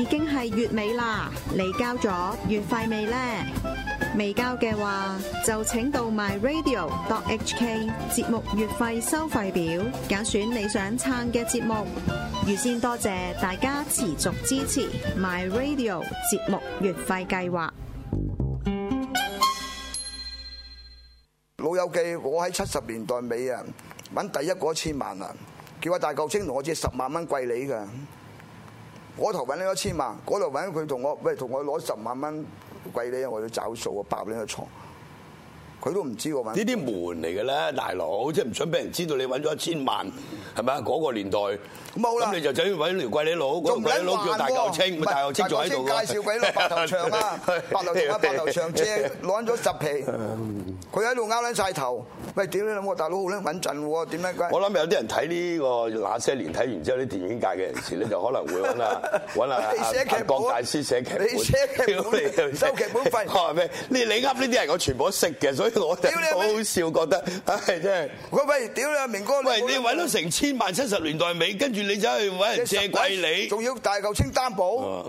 已經係月尾啦，你交咗月費未呢？未交嘅話，就請到 myradio.hk 節目月費收費表，揀選你想撐嘅節目。預先多謝大家持續支持 myradio 節目月費計劃。老友記，我喺七十年代尾啊，揾第一個一千萬啊，叫阿大舅星同我借十萬蚊貴你噶。我頭揾你一千萬，嗰度揾佢同我，喂，同我攞十萬蚊貴啲，我要找數啊，白撚個床。佢都唔知喎，呢啲門嚟嘅咧，大佬即係唔想俾人知道你揾咗一千萬，係咪啊？嗰個年代咁好啦，咁你就就要揾條貴啲佬，一萬叫大頭青，大頭青就喺度介紹鬼佬白頭長啊，白頭啊，白頭長正攞咗十皮，佢喺度拗撚曬頭。喂，屌你咧？我大佬好撚穩陣喎，點解？我諗有啲人睇呢個那些年睇完之後，啲電影界嘅人士咧就可能會揾啊，你啊，香港大師寫劇本你收劇本費。你你噏呢啲人，我全部都識嘅，所以。我真係好好笑，覺得唉，真係。喂，屌你啊，明哥！喂，你揾到成千萬七十年代尾，跟住你走去揾人借貴你，仲要大嚿清擔保，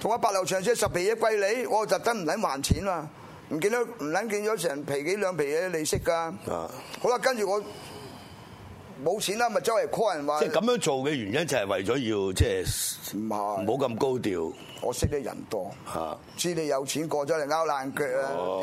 同阿白流長借十皮嘢貴你，我特登唔撚還錢嘛，唔見到唔撚見咗成皮幾兩皮嘢利息㗎。啊！好啦，跟住我冇錢啦，咪周圍 call 人話。即係咁樣做嘅原因就係為咗要即係唔係？唔好咁高調。我識得人多，知你有錢過咗嚟拗爛腳啊！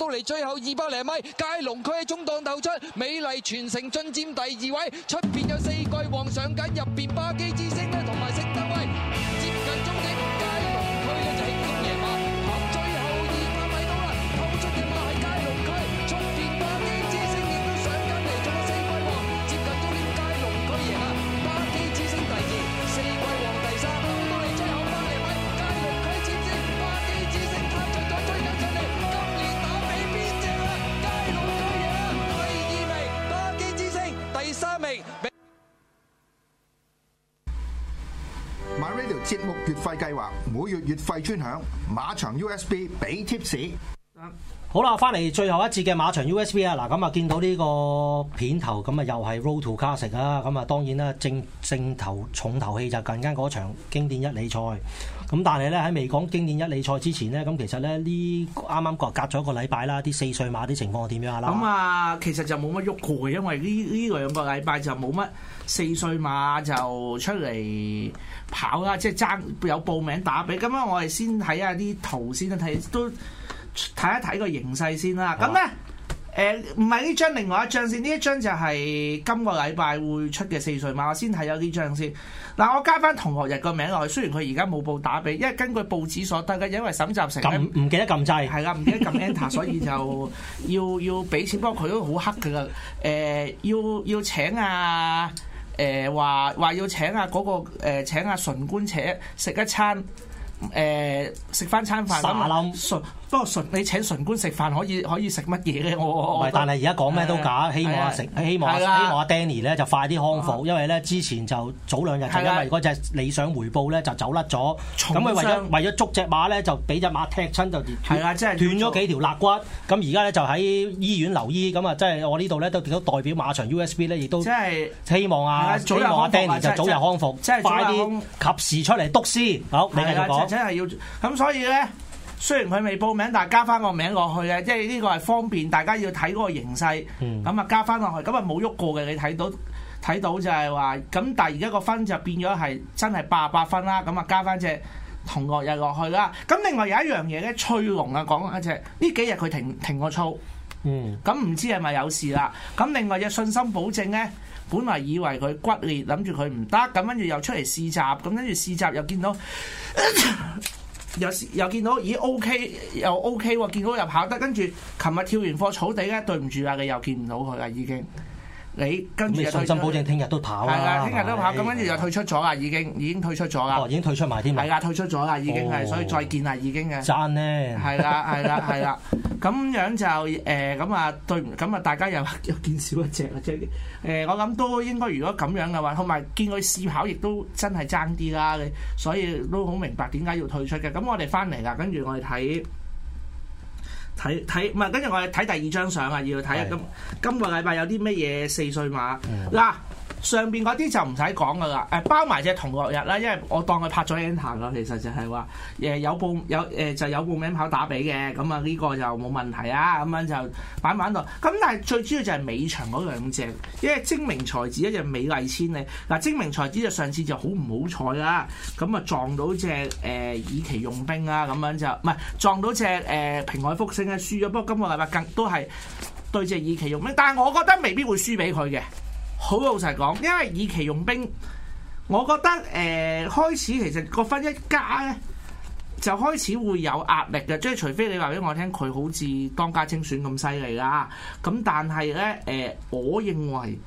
到嚟最後二百零米，佳龍駒喺中檔鬥出，美麗全城進占第二位，出邊有四季王上緊入邊巴基之星咧同埋。節目月費計劃，每月月費專享馬場 USB 俾貼士。好啦，翻嚟最後一節嘅馬場 USB 啊！嗱，咁啊見到呢個片頭，咁啊又係 Road to Classic 啊！咁啊，當然啦，正正頭重頭戲就係近間嗰場經典一哩賽。咁但係咧，喺未講經典一哩賽之前咧，咁其實咧呢啱啱，隔隔咗一個禮拜啦，啲四歲馬啲情況係點樣啦？咁啊，其實就冇乜喐過嘅，因為呢呢兩個禮拜就冇乜四歲馬就出嚟跑啦，即係爭有報名打吡。咁樣我哋先睇下啲圖先啦，睇都睇一睇個形勢先啦。咁咧、啊。誒唔係呢張，另外一張先。呢一張就係今個禮拜會出嘅四歲馬。我先睇咗呢張先。嗱、呃，我加翻同學日個名落去。雖然佢而家冇報打俾，因為根據報紙所得嘅，因為沈集成咧，唔記得撳掣，係啦、啊，唔記得撳 Enter， 所以就要要俾錢。不過佢都好黑嘅。誒、呃，要要請啊誒，話、呃、話要請啊嗰、那個誒、呃，請啊神官且食一餐，誒食翻餐飯。嗯嗯。不過純你請神官食飯可以可以食乜嘢咧？我我唔係，但係而家講咩都假。希望阿成，希望希望阿 Danny 咧就快啲康復，因為咧之前就早兩日就因為嗰隻理想回報咧就走甩咗，咁佢為咗為咗捉隻馬咧就俾隻馬踢親就斷斷咗幾條肋骨。咁而家咧就喺醫院留醫。咁啊，即係我呢度咧都見到代表馬場 USB 咧，亦都即係希望阿希望阿 Danny 就早日康復，即係早日康，及時出嚟督師。好，你繼續講。真係要咁，所以咧。雖然佢未報名，但係加翻個名落去咧，即係呢個係方便大家要睇嗰個形勢。咁啊、嗯，加翻落去，咁啊冇喐過嘅，你睇到睇到就係話，咁但係而家個分就變咗係真係八百分啦。咁啊，加翻隻同學又落去啦。咁另外有一樣嘢咧，翠龍啊講嗰隻，呢幾日佢停停個操。咁唔、嗯、知係咪有事啦？咁另外有信心保證咧，本來以為佢骨裂，諗住佢唔得，咁跟住又出嚟試習，咁跟住試習又見到。 有時又，又見到，咦？O、OK, K 又 O K 喎，見到又跑得，跟住琴日跳完課，草地咧，對唔住啊，你又見唔到佢啦，已經。你跟住又退出，你信心保證聽日都跑，係啦，聽日都跑，咁跟住又退出咗啦，已經已經退出咗啦，已經退出埋添，係啦、哦，退出咗啦，已經係，哦、所以再見啦，已經嘅，爭呢點？係啦，係啦，係啦，咁 樣就誒，咁、呃、啊對，咁啊大家又又 見少一隻，即係誒，我諗都應該如果咁樣嘅話，同埋見佢試跑亦都真係爭啲啦，所以都好明白點解要退出嘅。咁我哋翻嚟啦，跟住我哋睇。睇睇，唔係，跟住我哋睇第二張相啊，要睇下咁今今個禮拜有啲乜嘢四歲馬嗱。嗯上邊嗰啲就唔使講噶啦，誒、呃、包埋隻同樂日啦，因為我當佢拍咗 enter 啦，其實就係話誒有報有誒、呃、就有報名跑打比嘅，咁啊呢個就冇問題啊，咁樣就玩玩落。咁但係最主要就係尾場嗰兩隻，因為精明才子一隻美麗千里嗱、啊，精明才子就上次就好唔好彩啦，咁啊撞到隻誒以奇用兵啊，咁樣就唔係撞到隻誒、呃、平海福星啊，輸咗。不過今個禮拜更都係對隻以奇用兵，但係我覺得未必會輸俾佢嘅。好老實講，因為以期用兵，我覺得誒、呃、開始其實個分一加咧，就開始會有壓力嘅，即係除非你話俾我聽佢好似當家精選咁犀利啦。咁但係咧誒，我認為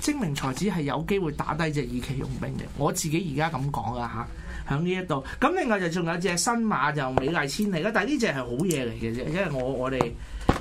精明才子係有機會打低隻以期用兵嘅。我自己而家咁講啊吓，喺呢一度。咁另外就仲有隻新馬就美麗千里啦，但係呢隻係好嘢嚟嘅啫，因為我我哋。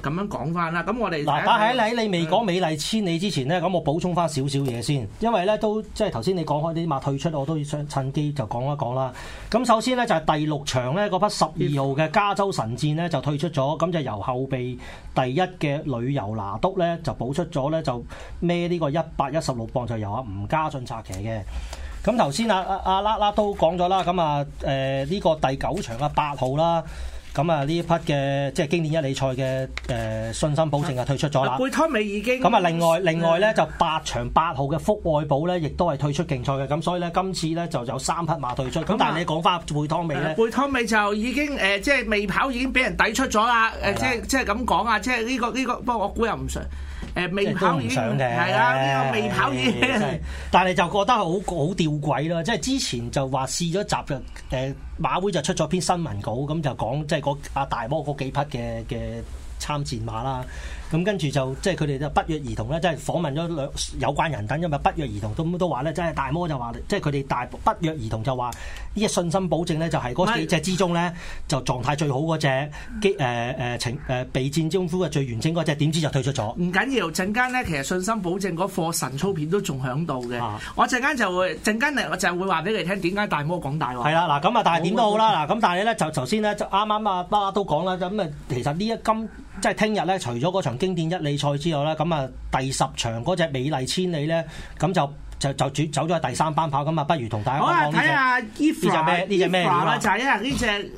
咁樣講翻啦，咁我哋嗱，但係喺你未講美麗千里之前呢，咁我補充翻少少嘢先，因為呢都即係頭先你講開啲馬退出，我都想趁機就講一講啦。咁首先呢，就係、是、第六場呢，嗰匹十二號嘅加州神戰呢就退出咗，咁就由後備第一嘅旅遊拿督呢就補出咗呢，就孭呢個一百一十六磅就是、由阿吳家俊策騎嘅。咁頭先啊啊啦啦、啊、都講咗啦，咁啊誒呢個第九場嘅八號啦。咁啊，呢一匹嘅即係經典一哩賽嘅誒、呃、信心保證啊，退出咗啦。貝湯美已經咁啊，另外另外咧就八場八號嘅福愛寶咧，亦都係退出競賽嘅。咁所以咧，今次咧就有三匹馬退出。咁但係你講翻貝湯美咧，貝湯美就已經誒、呃，即係未跑已經俾人抵出咗啦。誒、呃是的，即係即係咁講啊，即係呢個呢、呢個，不過我估又唔信。誒未跑完嘅係啦，啊、未跑、哎、 但係就覺得好好吊詭啦，即係之前就話試咗集嘅誒，馬會就出咗篇新聞稿，咁就講即係嗰阿大魔嗰幾匹嘅嘅參戰馬啦。咁跟住就即係佢哋就是、不約而同咧，即係訪問咗兩有關人等，因為不約而同都都話咧，即、就、係、是、大魔就話，即係佢哋大不約而同就話呢一信心保證咧，就係嗰四隻之中咧就狀態最好嗰隻機誒誒情誒備戰招呼嘅最完整嗰隻，點台灣、呃呃呃、知就退出咗。唔緊要，陣間咧其實信心保證嗰貨神操片都仲喺度嘅。我陣間就會陣間嚟，我就會話俾你聽點解大魔講大話。係啦，嗱咁啊，但係點都好啦，嗱咁但係咧就頭先咧就啱啱啊，巴都講啦，咁啊其實呢一今即係聽日咧，除咗嗰場，經典一哩賽之後啦，咁啊第十場嗰隻美麗千里咧，咁就就就主走咗第三班跑，咁啊不如同大家睇下呢隻呢隻咩呢隻咩料啊？就係呢隻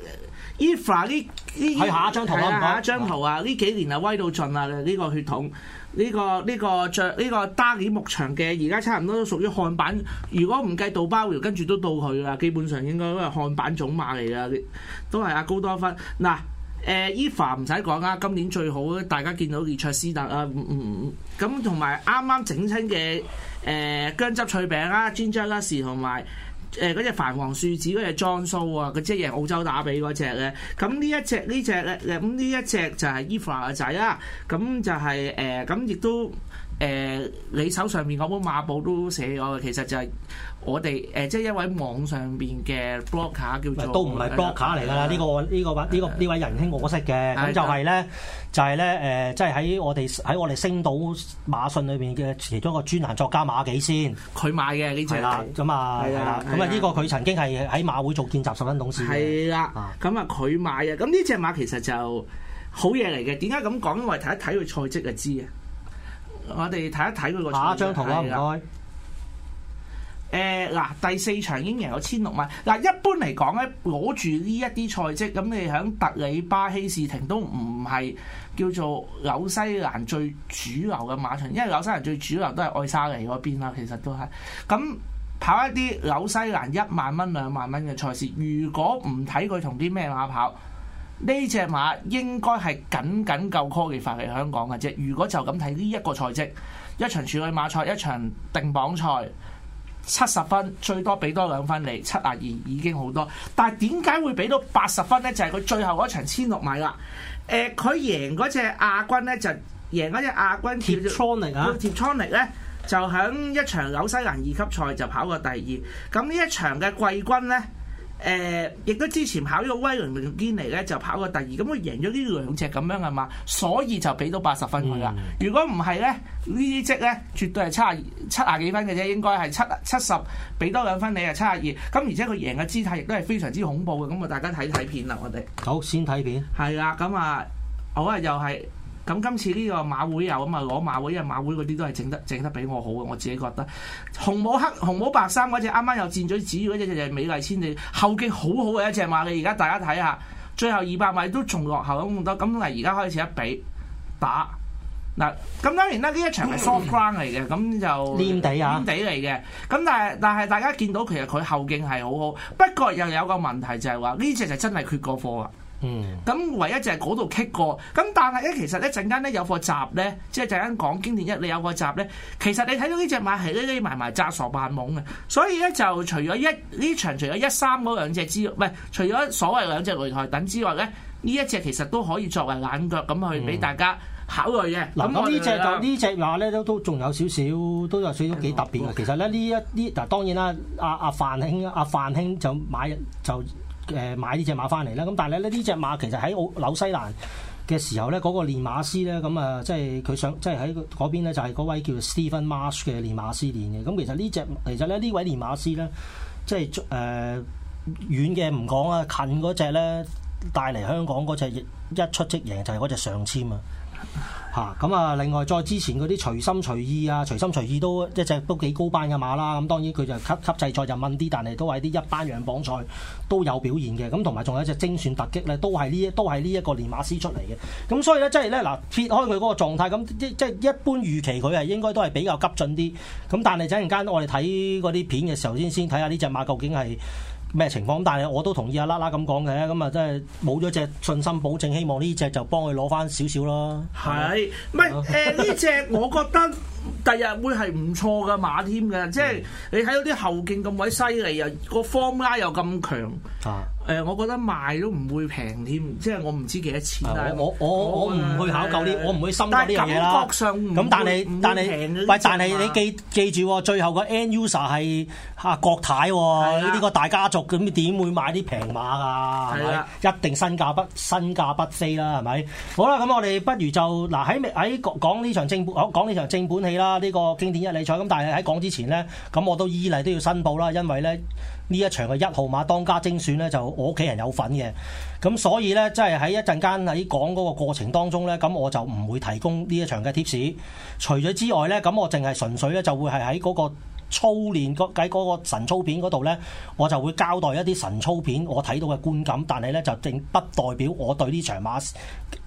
Efra 呢呢下一張圖啊！下一張圖啊！呢幾年啊威到盡啊！呢、呢個血統呢、呢個呢、呢個著呢、呢個 Darley 牧場嘅，而、這、家、個呢個呢個、差唔多都屬於漢版。如果唔計杜包，跟住都到佢啦，基本上應該都係漢版種馬嚟噶，都係阿高多芬嗱。誒、uh, Eva 唔使講啦，今年最好咧，大家見到傑卓斯特啊，唔唔唔，咁同埋啱啱整親嘅誒薑汁脆餅啦、啊，姜汁蝨蝨同埋誒嗰隻繁黃樹子嗰隻 John So 啊，佢即贏澳洲打比嗰隻咧，咁呢一隻呢隻咧，咁呢一隻就係 Eva 嘅仔啦、啊，咁就係、是、誒，咁、呃、亦都誒、呃，你手上面嗰本馬報都寫咗，其實就係、是。我哋誒即係一位網上邊嘅 blogger 叫做都唔係 blogger 嚟㗎啦，呢個呢個呢個呢位仁兄我識嘅，咁就係咧就係咧誒，即係喺我哋喺我哋星島馬訊裏邊嘅其中一個專欄作家馬幾先，佢買嘅呢隻馬咁啊，咁啊呢個佢曾經係喺馬會做見習十分董事嘅，係啦，咁啊佢買啊，咁呢隻馬其實就好嘢嚟嘅，點解咁講？因為睇一睇佢賽績就知嘅。我哋睇一睇佢個馬場圖啦，唔該。誒嗱、嗯，第四場已經贏咗千六萬嗱。一般嚟講咧，攞住呢一啲賽績，咁你喺特里巴希士廷都唔係叫做紐西蘭最主流嘅馬場，因為紐西蘭最主流都係愛沙尼嗰邊啦。其實都係咁跑一啲紐西蘭一萬蚊兩萬蚊嘅賽事，如果唔睇佢同啲咩馬跑，呢隻馬應該係僅僅夠 call 嘅法嚟香港嘅啫。如果就咁睇呢一個賽績，一場處女馬賽，一場定榜賽。七十分最多俾多兩分你，七啊二已經好多，但係點解會俾到八十分呢？就係、是、佢最後嗰場千六米啦。佢、呃、贏嗰隻亞軍咧，就贏嗰隻亞軍。Tchonny 啊，Tchonny 咧就喺一場紐西蘭二級賽就跑過第二。咁呢一場嘅季軍呢。誒，亦、嗯、都之前跑咗威倫同堅尼咧，就跑過第二，咁、嗯、佢、嗯、贏咗呢兩隻咁樣啊嘛，所以就俾到八十分佢啦。如果唔係咧，隻呢啲積咧絕對係七廿七廿幾分嘅啫，應該係七七十俾多兩分你啊七廿二。咁而且佢贏嘅姿態亦都係非常之恐怖嘅，咁啊大家睇睇片啦，我哋好先睇片。係啊，咁啊，好啊，又係。咁今次呢個馬會又咁嘛，攞馬會，因為馬會嗰啲都係整得整得比我好嘅，我自己覺得。紅帽黑、紅帽白衫嗰隻，啱啱又尖咗紫腰嗰隻，就係美麗千嬅，後勁好好嘅一隻馬。你而家大家睇下，最後二百米都仲落後咁多。咁嚟而家開始一比打嗱，咁當然啦，呢一場係 soft 嚟嘅，咁就黏地啊黏地嚟嘅。咁但係但係大家見到其實佢後勁係好好，不過又有一個問題就係話呢隻就真係缺個貨喇！嗯，咁唯一就係嗰度棘過，咁但係咧，其實咧陣間咧有個集咧，即係陣間講經典一，你有個集咧，其實你睇到呢隻馬匿匿埋埋詐傻扮懵嘅，所以咧就除咗一呢場除咗一三嗰兩隻之，唔係除咗所謂兩隻擂台等之外咧，呢一隻其實都可以作為冷腳咁去俾大家考慮嘅。咁、嗯、呢隻就呢隻話咧都都仲有少少都有少少幾特別嘅。其實咧呢一啲，嗱當然啦，阿阿范兄阿范兄就買就。誒買呢隻馬翻嚟啦，咁但係咧呢隻馬其實喺紐西蘭嘅時候咧，嗰個練馬師咧，咁啊即係佢想即係喺嗰邊咧就係嗰位叫做 Stephen Marsh 嘅練馬師練嘅。咁其實呢隻其實咧呢位練馬師咧，即係誒、呃、遠嘅唔講啊，近嗰隻咧帶嚟香港嗰隻一出即贏就係嗰隻上籤啊！吓咁啊！另外再之前嗰啲隨心隨意啊，隨心隨意都一隻都幾高班嘅馬啦。咁當然佢就級級制賽就掹啲，但係都喺啲一,一班羊榜賽都有表現嘅。咁同埋仲有一隻精選突擊咧，都係呢都係呢一個練馬師出嚟嘅。咁所以咧，即係咧嗱，撇開佢嗰個狀態，咁即即係一般預期佢係應該都係比較急進啲。咁但係陣間，我哋睇嗰啲片嘅時候，先先睇下呢隻馬究竟係。咩情況，但係我都同意阿、啊、拉拉咁講嘅，咁、嗯、啊真係冇咗隻信心保證，希望呢隻就幫佢攞返少少咯。係是，唔係呢隻？隻我覺得第日會係唔錯嘅馬添嘅，即係你睇到啲後勁咁鬼犀利啊，個 form 拉又咁強啊。誒，我覺得賣都唔會平添，即係我唔知幾多錢我我我唔去、啊、考究啲，的我唔會深究啲嘢啦。但係咁，啊、但係但係喂，但係你記記住，最後個 End User 係嚇國泰喎，呢的個大家族咁點會買啲平馬㗎？係咪的的一定身價不身價不菲啦？係咪？好啦，咁我哋不如就嗱喺喺講呢場正本講呢場正本戲啦，呢、這個經典一哩賽。咁但係喺講之前咧，咁我都依例都要申報啦，因為咧。呢一場嘅一號馬當家精選咧，就我屋企人有份嘅，咁所以咧，即係喺一陣間喺講嗰個過程當中咧，咁我就唔會提供呢一場嘅貼士。除咗之外咧，咁我淨係純粹咧就會係喺嗰個操練嗰喺嗰個神操片嗰度咧，我就會交代一啲神操片我睇到嘅觀感，但係咧就並不代表我對呢場馬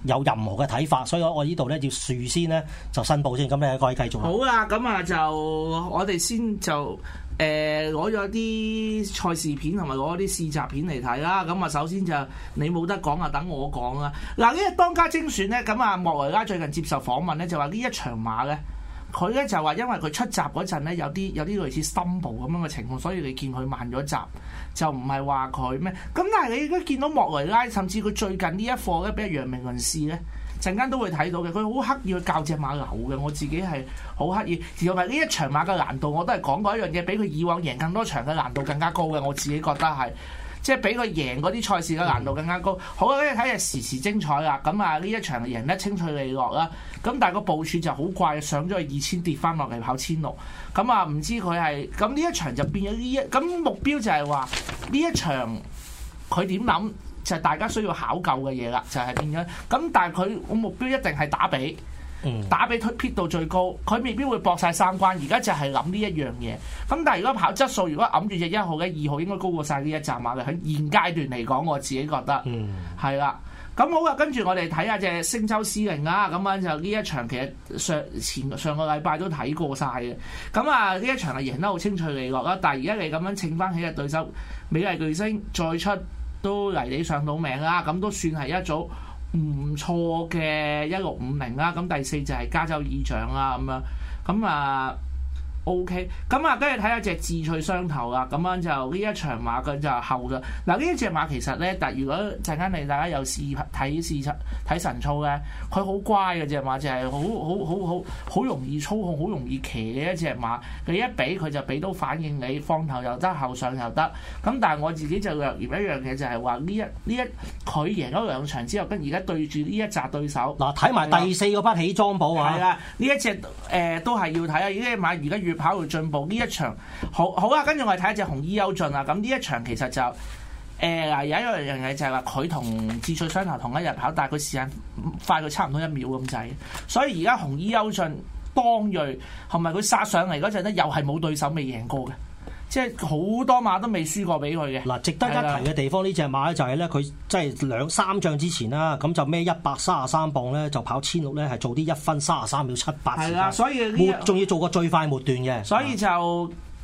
有任何嘅睇法，所以我呢度咧要事先咧就申報先，咁你可以啲繼續。好啦，啊，咁啊就我哋先就。誒攞咗啲賽事片同埋攞啲試閘片嚟睇啦，咁啊首先就你冇得講啊，等我講啊。嗱呢一當家精選咧，咁啊莫雷拉最近接受訪問咧，就話呢一場馬咧，佢咧就話因為佢出閘嗰陣咧有啲有啲類似深部咁樣嘅情況，所以你見佢慢咗閘，就唔係話佢咩？咁但係你而家見到莫雷拉，甚至佢最近呢一課咧俾阿楊明綸試咧。陣間都會睇到嘅，佢好刻意去教隻馬牛嘅，我自己係好刻意。而我話呢一場馬嘅難度，我都係講過一樣嘢，比佢以往贏更多場嘅難度更加高嘅，我自己覺得係即係比佢贏嗰啲賽事嘅難度更加高。好啦，跟睇日時時精彩啦。咁啊，呢一場贏得清脆利落啦。咁但係個部署就好怪，上咗去二千跌翻落嚟跑千六。咁啊，唔知佢係咁呢一場就變咗呢一咁目標就係話呢一場佢點諗？就係大家需要考究嘅嘢啦，就係點樣咁？但係佢個目標一定係打比，打比推撇到最高，佢未必會搏晒三關。而家就係諗呢一樣嘢。咁但係如果跑質素，如果揞住隻一號嘅二號應該高過晒呢一紮馬嘅。喺現階段嚟講，我自己覺得係啦。咁、嗯、好啊，跟住我哋睇下隻星洲司令啊，咁樣就呢一場其實上前上個禮拜都睇過晒。嘅、啊。咁啊呢一場係贏得好清脆利落啦。但係而家你咁樣請翻起隻對手美麗巨星再出。都嚟你上到名啦，咁都算係一組唔錯嘅一六五零啦。咁第四就係加州議長啊，咁樣。咁啊。O K，咁啊，跟住睇下隻智趣雙頭啊，咁樣就呢一場馬嘅就後咗。嗱呢一隻馬其實咧，但如果陣間你大家有視睇視察睇神操咧，佢好乖嘅隻馬，就係好好好好好容易操控，好容易騎嘅一隻馬。佢一俾佢就俾到反應你，放頭又得，後上又得。咁但係我自己就略嫌一樣嘢，就係話呢一呢一佢贏咗兩場之後，跟而家對住呢一紮對手，嗱睇埋第四個筆起莊寶啊！係啦，呢一隻誒、呃、都係要睇啊！呢一馬而家越。跑會進步，呢一場，好好啦，跟住我哋睇一隻紅衣優駿啦。咁呢一場其實就誒，嗱、呃、有一樣嘢就係話佢同志趣相投，同一日跑，但係佢時間快到差唔多一秒咁滯。所以而家紅衣優駿當銳同埋佢殺上嚟嗰陣咧，又係冇對手未贏過嘅。即係好多馬都未輸過俾佢嘅。嗱，值得一提嘅地方呢隻是的 馬咧就係咧佢即係兩三仗之前啦，咁就咩一百三十三磅咧，就跑千六咧，係做啲一分三十三秒七八時間。係啦，所以佢仲要做個最快末段嘅。所以就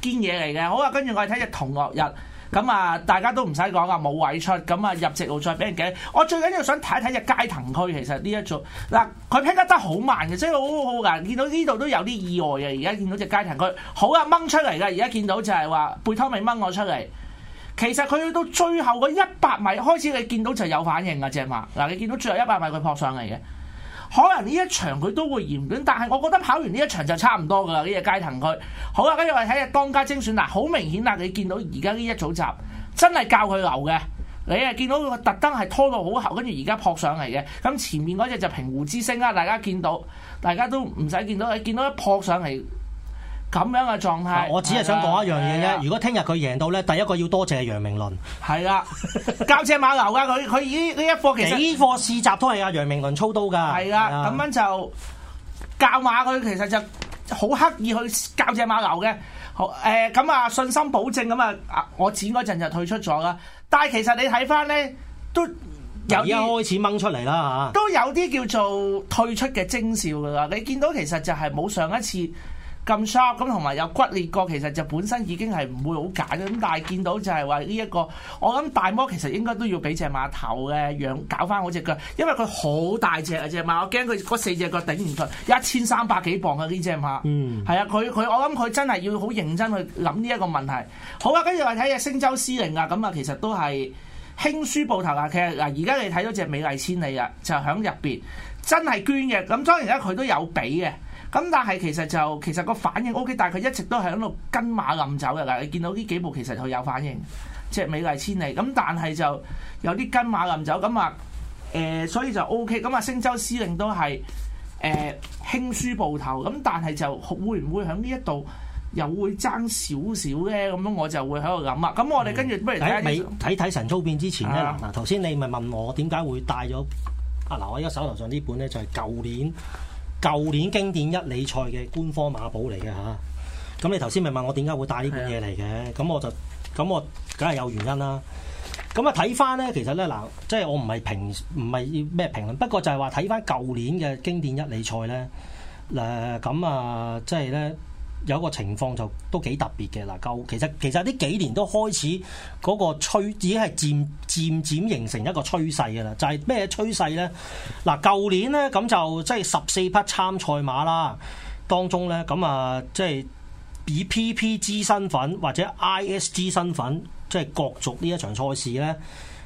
堅嘢嚟嘅。好啊，跟住我哋睇隻同樂日。咁啊，大家都唔使講啊，冇位出，咁啊入直路再俾人嘅。我最緊要想睇一睇隻街騰區，其實呢一組嗱，佢 pick up 得好慢嘅，真係好好噶。見到呢度都有啲意外嘅。而家見到隻街騰區好啊，掹出嚟㗎，而家見到就係話背偷未掹我出嚟。其實佢去到最後嗰一百米開始，你見到就有反應啊，正話嗱，你見到最後一百米佢撲上嚟嘅。可能呢一場佢都會嫌短，但係我覺得跑完呢一場就差唔多㗎啦，呢隻階騰佢。好啦，跟住我哋睇下當家精選嗱，好明顯啦，你見到而家呢一組集真係教佢流嘅，你係見到佢特登係拖到好後，跟住而家撲上嚟嘅。咁前面嗰隻就平湖之星啦，大家見到，大家都唔使見到，你見到一撲上嚟。咁樣嘅狀態，我只係想講一樣嘢啫。的如果聽日佢贏到咧，的第一個要多謝，謝楊明倫。係啦，教隻馬流噶佢，佢咦呢一課其實幾課試閘都係阿楊明倫操刀噶。係啦，咁樣就教馬佢，其實就好刻意去教隻馬流嘅。好誒，咁、欸、啊信心保證咁啊，我錢嗰陣就退出咗啦。但係其實你睇翻咧，都有啲開始掹出嚟啦嚇，都有啲叫做退出嘅徵兆噶啦。你見到其實就係冇上一次。咁 short 咁同埋有骨裂過，其實就本身已經係唔會好簡啦。咁但係見到就係話呢一個，我諗大魔其實應該都要俾隻馬頭嘅樣搞翻好隻腳，因為佢好大隻啊隻馬，我驚佢嗰四隻腳頂唔住一千三百幾磅啊呢隻馬。嗯，係啊，佢佢我諗佢真係要好認真去諗呢一個問題。好啊，跟住我睇隻星洲司令啊，咁啊其實都係輕輸報頭啊。其實嗱，而家你睇到隻美麗千里啊，就喺入邊真係捐嘅。咁當然啦，佢都有俾嘅。咁但係其實就其實個反應 O、OK, K，但係佢一直都係喺度跟馬冧走嘅啦。你見到呢幾部其實佢有反應，即係美麗千里。咁但係就有啲跟馬冧走，咁啊誒，所以就 O K。咁啊，星洲司令都係誒、嗯、輕輸暴投，咁但係就會唔會喺呢一度又會爭少少咧？咁樣我就會喺度諗啊。咁我哋跟住不如睇睇睇睇神操作變之前咧。嗱的，頭先你咪問我點解會帶咗啊？嗱，我依家手頭上呢本咧就係舊年。舊年經典一哩賽嘅官方馬寶嚟嘅嚇，咁你頭先咪問我點解會帶呢本嘢嚟嘅，咁的我就，咁我梗係有原因啦。咁啊睇翻咧，其實咧嗱，即係我唔係評，唔係咩評論，不過就係話睇翻舊年嘅經典一哩賽咧，誒、呃、咁啊，即係咧。有個情況就都幾特別嘅嗱，舊其實其實呢幾年都開始嗰個趨已經係漸漸漸形成一個趨勢嘅啦，就係、是、咩趨勢咧？嗱，舊年咧咁就即係十四匹參賽馬啦，當中咧咁啊，即係以 PPG 身份或者 ISG 身份即係角逐呢一場賽事咧。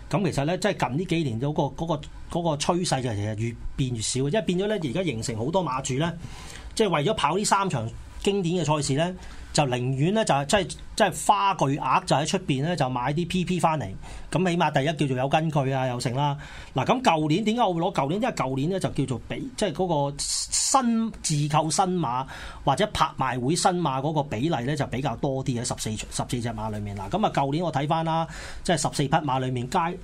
咁其實咧，即係近呢幾年嗰個嗰個嗰個趨勢就其實越變越少，即係變咗咧而家形成好多馬主咧，即係為咗跑呢三場。經典嘅賽事咧，就寧願咧就係即係即係花巨額就喺出邊咧就買啲 PP 翻嚟，咁起碼第一叫做有根據啊又成啦。嗱，咁舊年點解我會攞舊年？因為舊年咧就叫做比即係嗰個新自購新馬或者拍賣會新馬嗰個比例咧就比較多啲，喺十四十四隻馬裡面嗱，咁啊舊年我睇翻啦，即係十四匹馬裡面佳誒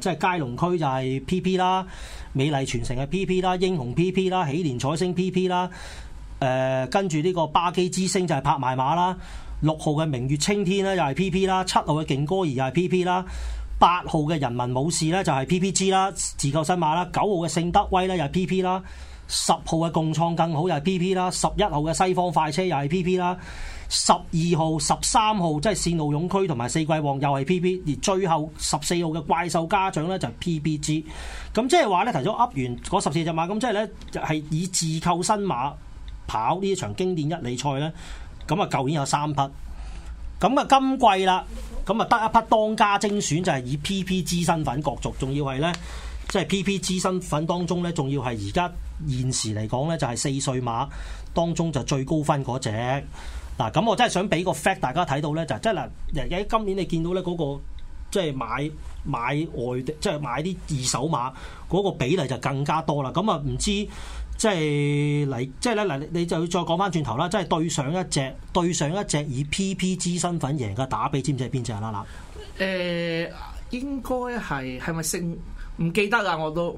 即係佳龍區就係 PP 啦，美麗傳承嘅 PP 啦，英雄 PP 啦，喜蓮彩星 PP 啦。誒，跟住呢個巴基之星就係拍賣馬啦。六號嘅明月青天咧又係 P P 啦。七號嘅勁歌兒又係 P P 啦。八號嘅人民武士咧就係 P P G 啦，自購新馬啦。九號嘅聖德威咧又係 P P 啦。十號嘅共創更好又係 P P 啦。十一號嘅西方快車又係 P P 啦。十二號、十三號即係線路勇區同埋四季旺又係 P P，而最後十四號嘅怪獸家長咧就係 P P G。咁即係話咧，提咗 Up 完嗰十四隻馬，咁即係咧就係以自購新馬。跑呢一場經典一哩賽咧，咁啊舊年有三匹，咁啊今季啦，咁啊得一匹當家精選就係以 PPZ 身份角逐，仲要係咧，即係 PPZ 身份當中咧，仲要係而家現時嚟講咧，就係四歲馬當中就最高分嗰隻。嗱，咁我真係想俾個 fact 大家睇到咧，就真嗱，而家今年你見到咧嗰個即係買買外地，即係買啲二手馬嗰個比例就更加多啦。咁啊唔知。即係嚟，即係咧，嗱，你就要再講返轉頭啦。即係對上一隻，對上一隻以 PPG 身份贏嘅打比，知唔知係邊隻啦？嗱，誒，應該係係咪勝？唔記得啊，我都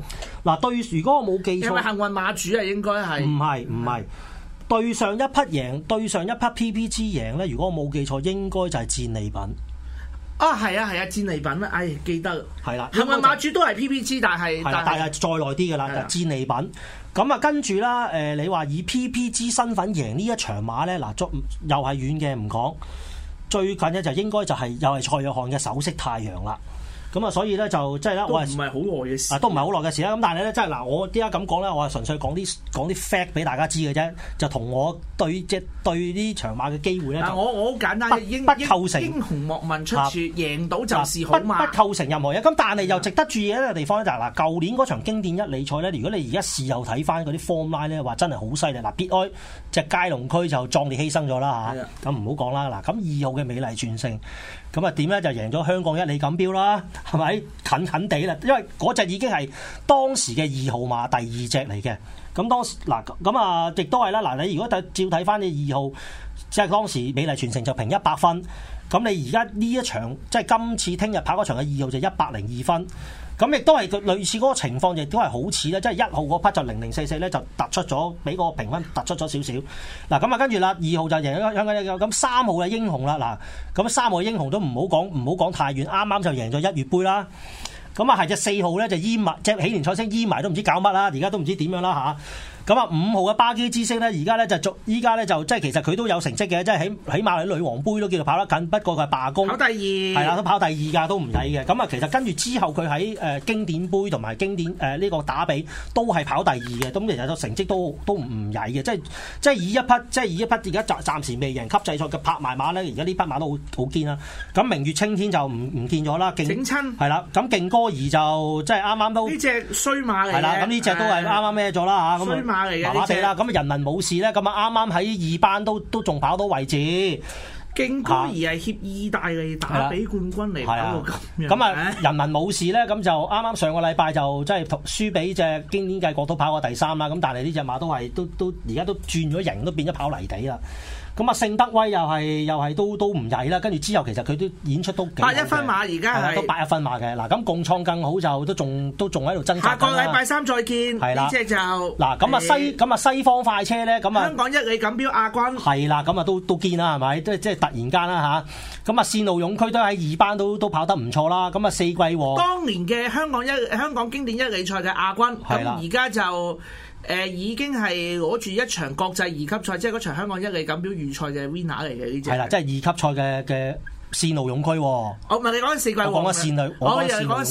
嗱、啊、對如果我冇記錯，係咪幸運馬主啊？應該係唔係唔係？是對上一匹贏，對上一匹 PPG 贏咧。如果我冇記錯，應該就係戰利品。啊，係啊，係啊，戰利品，唉、哎，記得係啦，係咪、啊、馬主都係 P P G，但係、啊、但係是再耐啲嘅啦，啊、戰利品。咁、嗯、啊，跟住啦，誒、呃，你話以 P P G 身份贏呢一場馬咧，嗱，又係遠嘅唔講，最近咧就應該就係又係蔡約翰嘅首飾太陽啦。咁啊，所以咧就即係啦。我唔係好耐嘅事，都唔係好耐嘅事啦。咁但係咧，即係嗱，我點解咁講咧，我係純粹講啲講啲 fact 俾大家知嘅啫。就同我對即對呢場馬嘅機會咧，我我好簡單 analogy, 文綽英，英雄莫問出處文綽，贏到就是好馬，不不構成任何嘢。咁文綽文綽但係又值得注意一個地方咧，就係、是、嗱，舊年嗰場經典一哩賽咧，如果你而家事後睇翻嗰啲 form line 咧，話真係好犀利。嗱，bit 即係佳龍駒就壯烈犧牲咗啦吓，咁唔好講啦。嗱，咁二文綽文綽號嘅美麗傳承。咁啊點咧就贏咗香港一哩錦標啦，係咪近近地啦？因為嗰隻已經係當時嘅二號馬第二隻嚟嘅。咁當時嗱咁啊，亦、啊、都係啦。嗱、啊、你如果睇照睇翻你二號，即、就、係、是、當時美麗傳承就評一百分。咁你而家呢一場即係、就是、今次聽日跑嗰場嘅二號就一百零二分。咁亦都係類似嗰個情況，亦都係好似啦，即係一號嗰匹就零零四四咧就突出咗，比嗰個評分突出咗少少。嗱，咁啊跟住啦，二號就贏，贏嘅咧，咁三號嘅英雄啦，嗱，咁三號英雄都唔好講，唔好講太遠，啱啱就贏咗一月杯啦。咁啊係隻四號咧就淹埋，隻起年賽星淹埋都唔知搞乜啦，而家都唔知點樣啦嚇。咁啊，五號嘅巴基之星呢，而家呢就做，依家呢就即係其實佢都有成績嘅，即係喺起碼喺女王杯都叫做跑得緊。不過佢係罷工跑。跑第二。係啦，都跑第二噶，都唔曳嘅。咁啊，其實跟住之後佢喺誒經典杯同埋經典誒呢、呃呢個打比都係跑第二嘅。咁其實都成績都都唔曳嘅。即係即係以一匹，即係以一匹而家暫暫時未贏級制賽嘅拍賣馬呢。而家呢匹馬都好好堅啦。咁明月青天就唔唔見咗啦。整親。係啦傷。咁勁歌兒就即係啱啱都。呢隻衰馬嚟係啦。咁呢隻都係啱啱咩咗啦嚇。麻麻地啦，咁啊人民武士咧，咁啊啱啱喺二班都都仲跑到位置，京姑而係協意大利打比，啊、冠軍嚟，咁咁啊，啊樣人民武士咧，咁就啱啱上個禮拜就真係輸俾隻經典計國都跑過第三啦，咁但係呢隻馬都係都都而家都轉咗型，都變咗跑泥地啦。咁啊，聖德威又係又係都都唔曳啦，跟住之後其實佢都演出都八，都八一分馬，而家都八一分馬嘅。嗱，咁共創更好就都仲都仲喺度爭扎、啊。下個禮拜三再見。係啦的，即係就嗱，咁啊西咁啊的西方快車咧，咁啊香港一哩錦標亞軍係啦，咁啊都都見啦，係咪？即係即係突然間啦嚇。咁啊線路勇區都喺二班都都跑得唔錯啦。咁啊四季啊當年嘅香港一香港經典一哩賽就亞軍，咁而家就。誒、嗯、已經係攞住一場國際二級賽，即係嗰場香港一哩錦標預賽嘅 winner 嚟嘅呢隻。係啦，即係二級賽嘅嘅線路勇區。我唔係你講四季王。我講咗四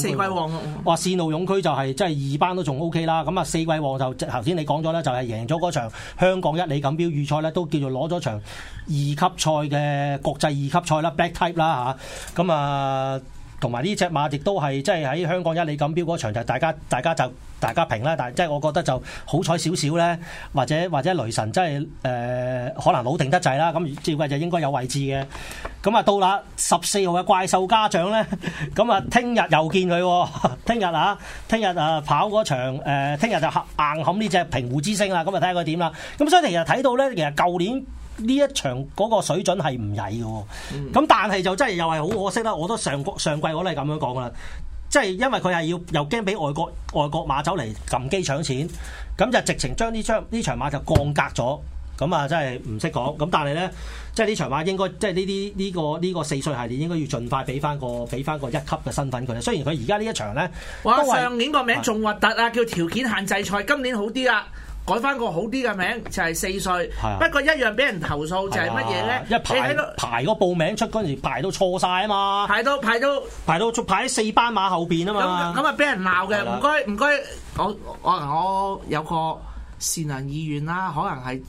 季王，話線路勇區就係即係二班都仲 OK 啦。咁啊，四季王就頭先你講咗咧，就係贏咗嗰場香港一哩錦標預賽咧，都叫做攞咗場二級賽嘅國際二級賽啦 black type 啦吓，咁啊，同埋呢隻馬亦都係即係喺香港一哩錦標嗰場，就大家大家，大家就。大家平啦，但即係我覺得就好彩少少咧，或者或者雷神真係誒、呃、可能老定得滯啦，咁照計就應該有位置嘅。咁、嗯、啊到啦十四號嘅怪獸家長咧，咁啊聽日又見佢，聽日啊聽日啊跑嗰場誒，聽、呃、日就硬撼呢隻平湖之星啦，咁啊睇下佢點啦。咁、嗯、所以其實睇到咧，其實舊年呢一場嗰個水準係唔曳嘅，咁、嗯嗯、但係就真係又係好可惜啦。我都上上季我都係咁樣講啦。即係因為佢係要又驚俾外國外國馬走嚟撳機搶錢，咁就直情將呢張呢場馬就降格咗，咁啊真係唔識講。咁但係呢，即係呢場馬應該即係呢啲呢個呢、呢個呢個四歲系列應該要盡快俾翻個俾翻個一級嘅身份佢啦。雖然佢而家呢一場呢，哇是上年個名仲核突啊，是叫條件限制賽，今年好啲啦。改翻個好啲嘅名就係、是、四歲。啊、不過一樣俾人投訴就係乜嘢咧？啊、一排你喺排個報名出嗰陣時排到錯晒啊嘛！排到都排到都排到，排排四班馬後邊啊嘛！咁啊、嗯，俾人鬧嘅，唔該唔該，我我我有個善人意願啦，可能係。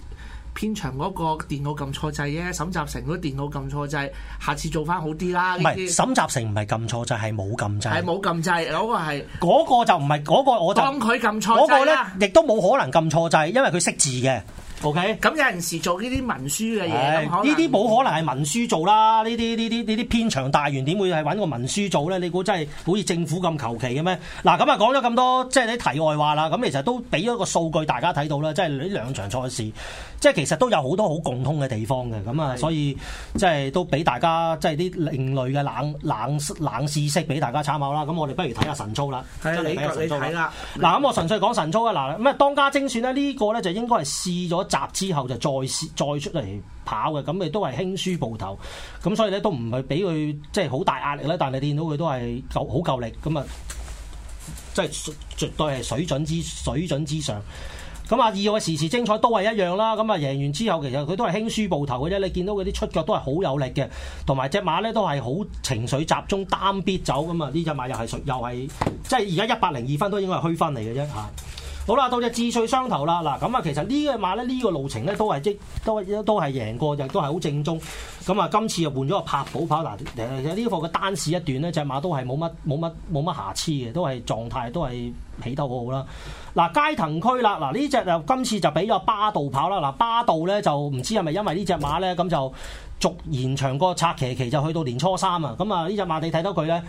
片場嗰個電腦撳錯掣啫，沈集成嗰電腦撳錯掣，下次做翻好啲啦。唔係沈集成唔係撳錯掣，係冇撳掣。係冇撳掣，嗰、嗰個係嗰個就唔係嗰個，我就當佢撳錯掣啦。亦都冇可能撳錯掣，因為佢識字嘅。O K，咁有陣時做呢啲文書嘅嘢，呢啲冇可能係文書做啦。呢啲呢啲呢啲編長大員點會係揾個文書做咧？你估真係好似政府咁求其嘅咩？嗱，咁啊講咗咁多即係你題外話啦。咁其實都俾咗個數據大家睇到啦。即係呢兩場賽事，即係其實都有好多好共通嘅地方嘅。咁啊，係。所以即係都俾大家即係啲另類嘅冷冷冷知識俾大家參考啦。咁我哋不如睇下神操啦。係啊，你你睇啦。嗱，咁我純粹講神操啦。嗱，咁啊當家精選咧，呢個咧就應該係試咗。集之後就再再出嚟跑嘅，咁亦都係輕輸步頭，咁所以咧都唔係俾佢即係好大壓力啦。但係你見到佢都係夠好夠力，咁啊，即係絕對係水準之水準之上。咁啊，二號嘅時時精彩都係一樣啦。咁啊，贏完之後其實佢都係輕輸步頭嘅啫。你見到嗰啲出腳都係好有力嘅，同埋隻馬咧都係好情緒集中，單必走咁啊！呢隻馬又係又係即係而家一百零二分都應該係虛分嚟嘅啫嚇。好啦，到隻智趣雙頭啦，嗱，咁啊，其實呢隻馬咧，呢個路程咧都係即都都係贏過，亦都係好正宗。咁啊，今次又換咗個柏寶跑，嗱，其實呢個貨嘅單士一段呢，隻馬都係冇乜冇乜冇乜瑕疵嘅，都係狀態都係起得好好啦。嗱，街藤區啦，嗱，呢隻就今次就俾咗巴道跑啦，嗱，巴道咧就唔知係咪因為呢隻馬咧咁就。續延長個拆騎期就去到年初三啊！咁啊，呢隻馬你睇到佢咧，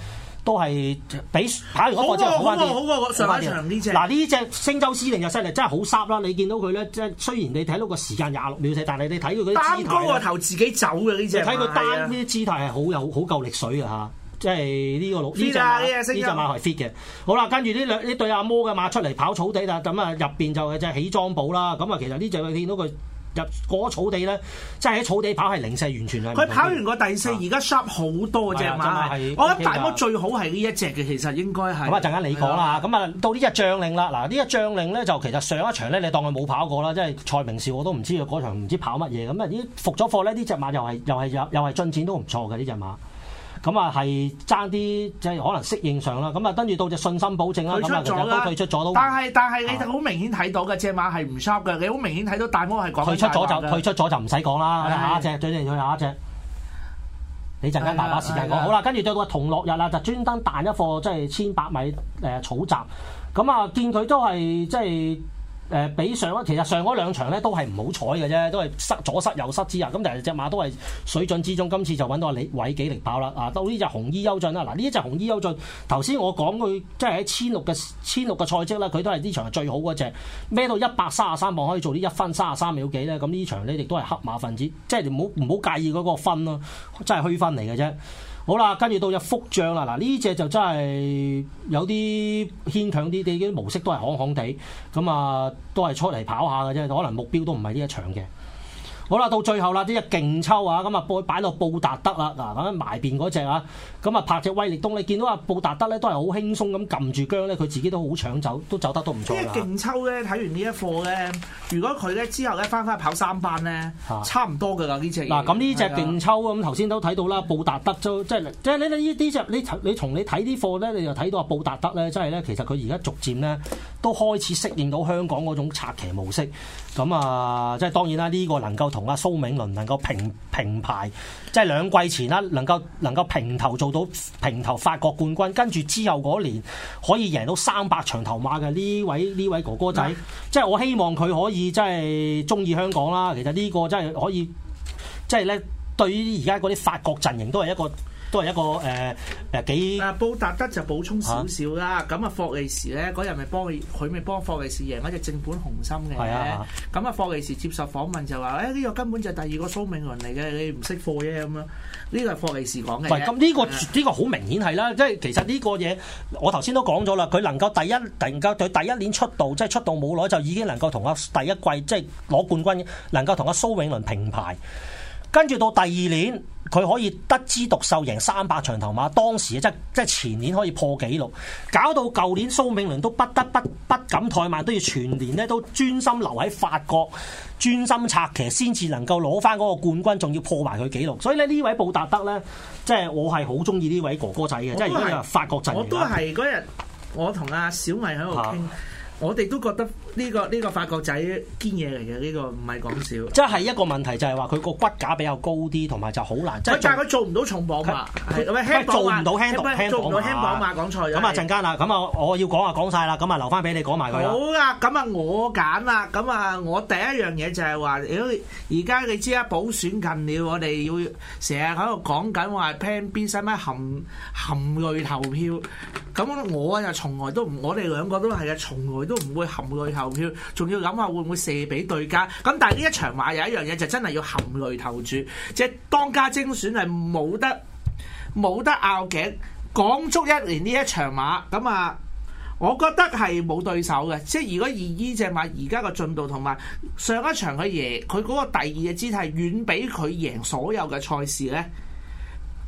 都係比跑完嗰個之後好翻啲。好，好，好，好，好過上場呢隻。嗱呢隻星洲司令就犀利，真係好濕啦！你見到佢咧，即係雖然你睇到個時間廿六秒四，但係你睇佢擔高個頭自己走嘅呢隻，睇佢擔啲姿態係好有好夠力水啊。吓，即係呢個老呢隻呢隻馬係 fit 嘅。好啦，跟住呢兩呢對阿摩嘅馬出嚟跑草地啦，咁啊入邊就係隻起莊寶啦。咁啊，其實呢隻你見到佢。入嗰草地咧，即係喺草地跑係零四完全，佢跑完個第四，而家 sharp 好多隻馬。現在我覺得大哥最好係呢一隻嘅，其實應該係。咁啊、嗯，陣間你講啦。咁啊的，嗯、到隻將領喇隻將領呢一將領啦。嗱，呢一將領咧就其實上一場咧，你當佢冇跑過啦。即係蔡明少我都唔知佢嗰場唔知跑乜嘢。咁啊，呢復咗貨咧，呢隻馬又係又係又又係進展都唔錯嘅呢隻馬。咁啊，係爭啲即係可能適應上啦。咁啊，跟住到隻信心保證啦。咁啊，都退出咗都。但係但係，你好明顯睇到嘅隻馬係唔 sharp 嘅。你好明顯睇到大摩係講退出咗就退出咗就唔使講啦。看看，下一隻，下下的你一再嚟再下一隻。你陣間大把時間講。好啦，跟住到個同樂日啦，就專登彈一貨，即係千百米誒草集。咁啊，見佢都係即係。誒、呃、比上嗰其實上嗰兩場咧都係唔好彩嘅啫，都係失左失右失之呀。咁其實隻馬都係水準之中，今次就揾到阿李偉幾力跑啦。啊，到呢隻紅衣優進啦。嗱，呢一隻紅衣優進，頭、啊、先我講佢即係喺千六嘅千六嘅賽績啦，佢都係呢場係最好嗰隻，孭到一百三十三磅可以做呢一分三十三秒幾咧。咁呢場你哋都係黑馬分子，即係你唔好唔好介意嗰個分咯，真係虛分嚟嘅啫。好啦，跟住到入幅漲啦，嗱，呢隻就真係有啲牽強啲，啲啲模式都係行行地，咁啊都係出嚟跑下嘅啫，可能目標都唔係呢一場嘅。好啦，到最後啦，呢隻勁抽啊，咁、嗯、啊，幫擺落布達德啦，嗱咁樣埋邊嗰隻啊，咁啊拍隻威力東，你見到啊布達德咧都係好輕鬆咁撳住姜咧，佢自己都好搶走，都走得都唔錯啦。啲勁抽咧，睇完呢一課咧，如果佢咧之後咧翻返去跑三班咧，啊、差唔多噶啦呢隻。嗱、啊，咁呢隻勁抽咁頭先都睇到啦，嗯、布達德就即係即係你即你呢隻你你從你睇啲貨咧，你就睇到啊布達德咧，即係咧其實佢而家逐漸咧都開始適應到香港嗰種策騎模式。咁啊，即係當然啦，呢、這個能夠同阿蘇銘倫能夠平平排，即係兩季前啦，能夠能夠平頭做到平頭法國冠軍，跟住之後嗰年可以贏到三百場頭馬嘅呢位呢位哥哥仔，嗯、即係我希望佢可以即係中意香港啦。其實呢個真係可以，即係咧，對於而家嗰啲法國陣營都係一個。都係一個誒誒，呃、幾啊？啊布達德就補充少少啦。咁啊霍利時，咧，嗰日咪幫佢，佢咪幫霍利時贏一隻正本紅心嘅。咁啊霍利時接受訪問就話：誒、哎、呢、呢個根本就係第二個蘇永倫嚟嘅，你唔識貨啫。」咁樣。呢個係霍利時講嘅。唔咁呢個呢、啊呢個好、呢個、明顯係啦，即係其實呢個嘢我頭先都講咗啦，佢能夠第一突然間佢第一年出道，即係出道冇耐就已經能夠同阿第一季即係攞冠軍，能夠同阿蘇永倫平排。跟住到第二年，佢可以得枝獨秀，贏三百場頭馬。當時即即前年可以破紀錄，搞到舊年蘇銘倫都不得不不敢怠慢，都要全年咧都專心留喺法國，專心策騎先至能夠攞翻嗰個冠軍，仲要破埋佢紀錄。所以咧呢位布達德呢，即係我係好中意呢位哥哥仔嘅，即係佢係法國陣營啦。我都係嗰日，我同阿小慧喺度傾。我哋都覺得呢個呢個法國仔堅嘢嚟嘅，呢個唔係講笑。即係一個問題就係話佢個骨架比較高啲，同埋就好難。佢但係佢做唔到重磅嘛，唔係輕磅啊！做唔到輕度輕磅嘛？講錯咗。咁啊陣間啦，咁啊我要講啊講晒啦，咁啊留翻俾你講埋佢啦。好啦，咁啊我揀啦，咁啊我第一樣嘢就係話，如果而家你知啦，補選近了，我哋要成日喺度講緊話 plan B 使乜含含淚投票？咁我啊又從來都唔，我哋兩個都係啊從來。都唔會含淚投票，仲要諗下會唔會射俾對家。咁但係呢一場馬有一樣嘢就真係要含淚投注，即係當家精選係冇得冇得拗頸。講足一年呢一場馬咁啊，我覺得係冇對手嘅。即係如果以呢隻馬而家嘅進度同埋上一場佢贏佢嗰個第二嘅姿態，遠比佢贏所有嘅賽事呢，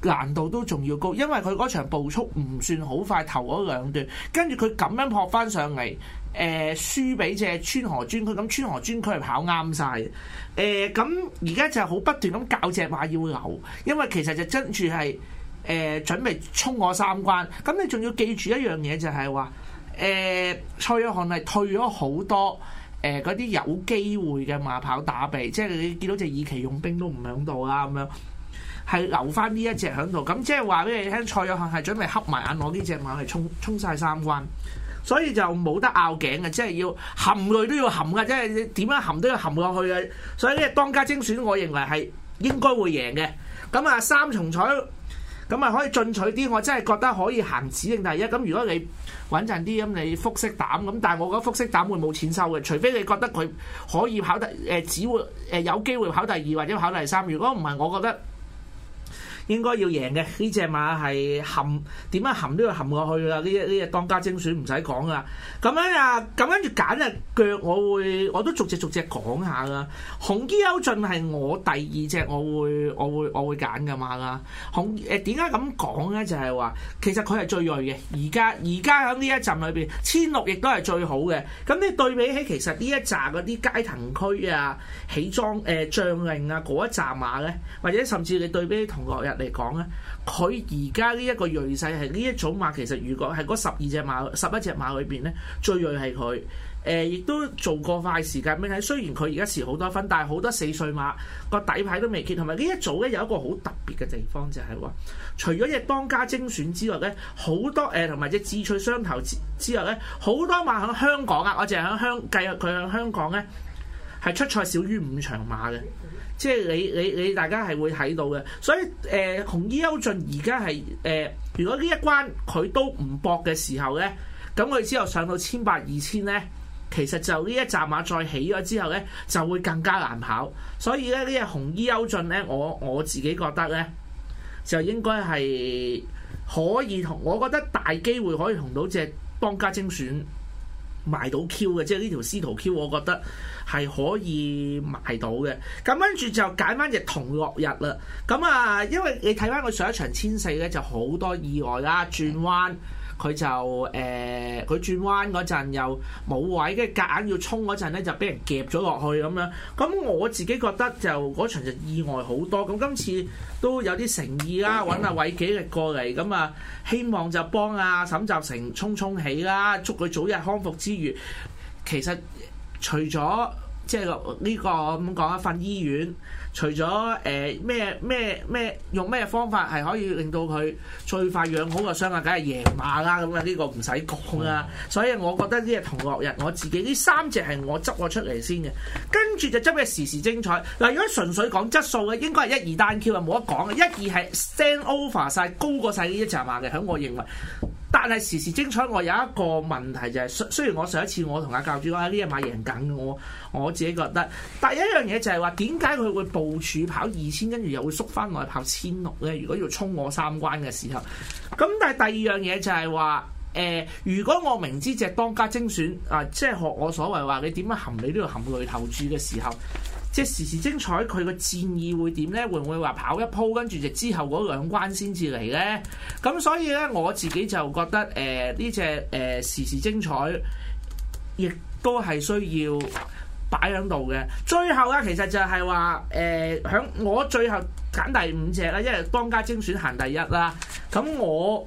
難度都仲要高，因為佢嗰場步速唔算好快，頭嗰兩段跟住佢咁樣撲翻上嚟。誒輸俾隻川河專區，咁川河專區係跑啱晒。誒咁而家就係好不斷咁教隻馬要留，因為其實就真住係誒準備衝我三關。咁你仲要記住一樣嘢就係話誒蔡約翰係退咗好多誒嗰啲有機會嘅馬跑打吡，即係你見到隻以奇用兵都唔喺度啦，咁樣係留翻呢一隻喺度。咁即係話俾你聽，蔡約翰係準備黑埋眼攞呢隻馬去衝衝曬三關。所以就冇得拗頸嘅，即係要含淚都要含嘅，即係點樣含都要含落去嘅。所以呢當家精選，我認為係應該會贏嘅。咁啊三重彩，咁啊可以進取啲。我真係覺得可以行指定第一。咁如果你穩陣啲，咁你複式膽。咁但係我覺得複式膽會冇錢收嘅，除非你覺得佢可以考第誒止會誒有機會考第二或者考第三。如果唔係，我覺得。應該要贏嘅呢隻馬係冚點樣冚都要冚過去啦！呢一呢一當家精選唔使講啦，咁樣啊，咁跟住揀嘅腳我會我都逐隻逐隻講下啦。雄基優進係我第二隻，我會我會我會揀嘅嘛啦。紅誒點解咁講咧？就係、是、話其實佢係最鋭嘅。而家而家喺呢一陣裏邊，千六亦都係最好嘅。咁你對比起其實呢一紮嗰啲階層區啊、起莊誒將領啊嗰一紮馬咧，或者甚至你對比啲同學人嚟講咧，佢而家呢一個鋭勢係呢一組馬，其實如果係嗰十二隻馬、十一隻馬裏邊咧，最鋭係佢。誒、呃，亦都做過快時間。問題雖然佢而家蝕好多分，但係好多四歲馬個底牌都未揭。同埋呢一組咧，有一個好特別嘅地方就係、是、話，除咗隻當家精選之外咧，好多誒同埋隻志趣相投之之外咧，好多馬響香港啊，我淨係響香計佢響香港咧，係出賽少於五場馬嘅。即係你你你大家係會睇到嘅，所以誒、呃、紅衣優進而家係誒，如果呢一關佢都唔博嘅時候咧，咁佢之後上到千八二千咧，其實就呢一站馬再起咗之後咧，就會更加難跑，所以咧呢隻、這個、紅衣優進咧，我我自己覺得咧，就應該係可以同，我覺得大機會可以同到隻當家精選。賣到 Q 嘅，即係呢條司徒 Q，我覺得係可以賣到嘅。咁跟住就揀翻隻同樂日啦。咁啊，因為你睇翻佢上一場千四咧，就好多意外啦，轉彎。佢就誒，佢、呃、轉彎嗰陣又冇位，跟住夾硬要衝嗰陣咧，就俾人夾咗落去咁樣。咁我自己覺得就嗰場就意外好多。咁今次都有啲誠意啦，揾阿偉幾嚟過嚟咁啊，希望就幫阿沈集成衝衝起啦，祝佢早日康復之餘，其實除咗。即係、這、呢個咁講一份醫院除咗誒咩咩咩用咩方法係可以令到佢最快養好傷這這個傷啊，梗係贏馬啦咁啊，呢個唔使講啊。所以我覺得呢係同學日，我自己呢三隻係我執我出嚟先嘅，跟住就執嘅時時精彩。嗱，如果純粹講質素嘅，應該係一二單 Q 啊，冇得講嘅。一二係 send over 晒高過晒呢一隻馬嘅，喺我認為。但係時時精彩，我有一個問題就係、是，雖雖然我上一次我同阿教主講呢、哎、一買贏緊，我我自己覺得。第一樣嘢就係話，點解佢會部署跑二千，跟住又會縮翻落去跑千六咧？如果要衝我三關嘅時候，咁但係第二樣嘢就係話，誒、呃，如果我明知隻當家精選啊，即係學我所謂話，你點樣含你都要含淚投注嘅時候。即時時精彩佢個戰意會點呢？會唔會話跑一鋪，跟住就之後嗰兩關先至嚟呢？咁所以呢，我自己就覺得誒呢、呃、隻誒、呃、時時精彩，亦都係需要擺喺度嘅。最後呢，其實就係話誒響我最後揀第五隻啦，因為當家精選行第一啦。咁我。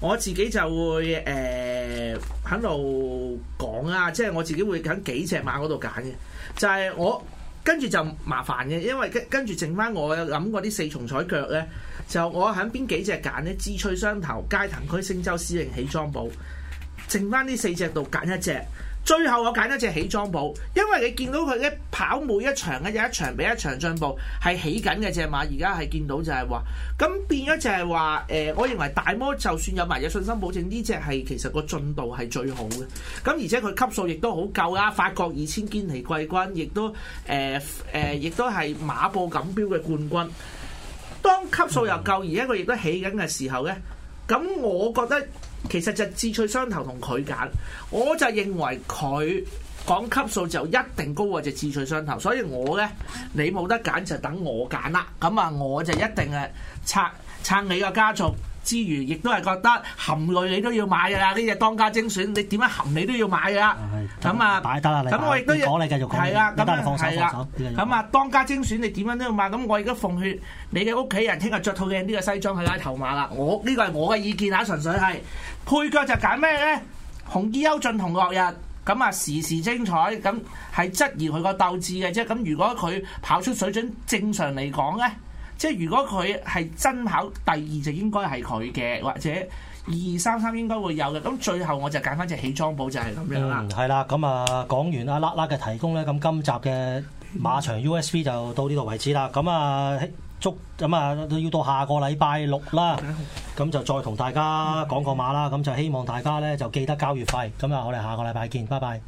我自己就會誒喺度講啊，即係我自己會喺幾隻馬嗰度揀嘅，就係、是、我跟住就麻煩嘅，因為跟跟住剩翻我諗過啲四重彩腳咧，就我喺邊幾隻揀呢？知趣雙頭、街騰區、星洲、司令、起昌部，剩翻呢四隻度揀一隻。最後我揀一隻起裝步，因為你見到佢一跑每一場嘅有一,一場比一場進步，係起緊嘅隻馬。而家係見到就係話，咁變咗就係話，誒、呃，我認為大摩就算有埋有信心保證，呢隻係其實個進度係最好嘅。咁而且佢級數亦都好夠啊，法國二千堅尼季軍亦都誒誒，亦、呃呃、都係馬步錦標嘅冠軍。當級數又夠，而家佢亦都起緊嘅時候咧，咁我覺得。其實就志趣相投同佢揀，我就認為佢講級數就一定高或者志趣相投，所以我呢，你冇得揀就等我揀啦，咁啊我就一定係撐撐你個家族。之餘，亦都係覺得含淚你都要買㗎啦！呢隻當家精選，你點樣含你都要買㗎。咁啊，啊，嘛啊，得咁我亦都要。講你繼續講啦。咁啊，家當家精選你點樣都要買。咁 我亦都奉勸你嘅屋企人，聽日着套靚呢嘅西裝去拉頭馬啦。我呢個係我嘅意見啊，純粹係配角就揀咩咧？洪衣優俊同落日，咁啊時時精彩。咁係質疑佢個鬥志嘅啫。咁如果佢跑出水準，正常嚟講咧。即係如果佢係真考第二就應該係佢嘅，或者二二三三應該會有嘅。咁最後我就揀翻隻起裝寶就係、是、咁樣啦。係啦、嗯，咁啊講完阿 LaLa 嘅提供咧，咁今集嘅馬場 USB 就到呢度為止啦。咁啊祝咁啊要到下個禮拜六啦。咁就再同大家講個馬啦。咁就希望大家咧就記得交月費。咁啊，我哋下個禮拜見，拜拜。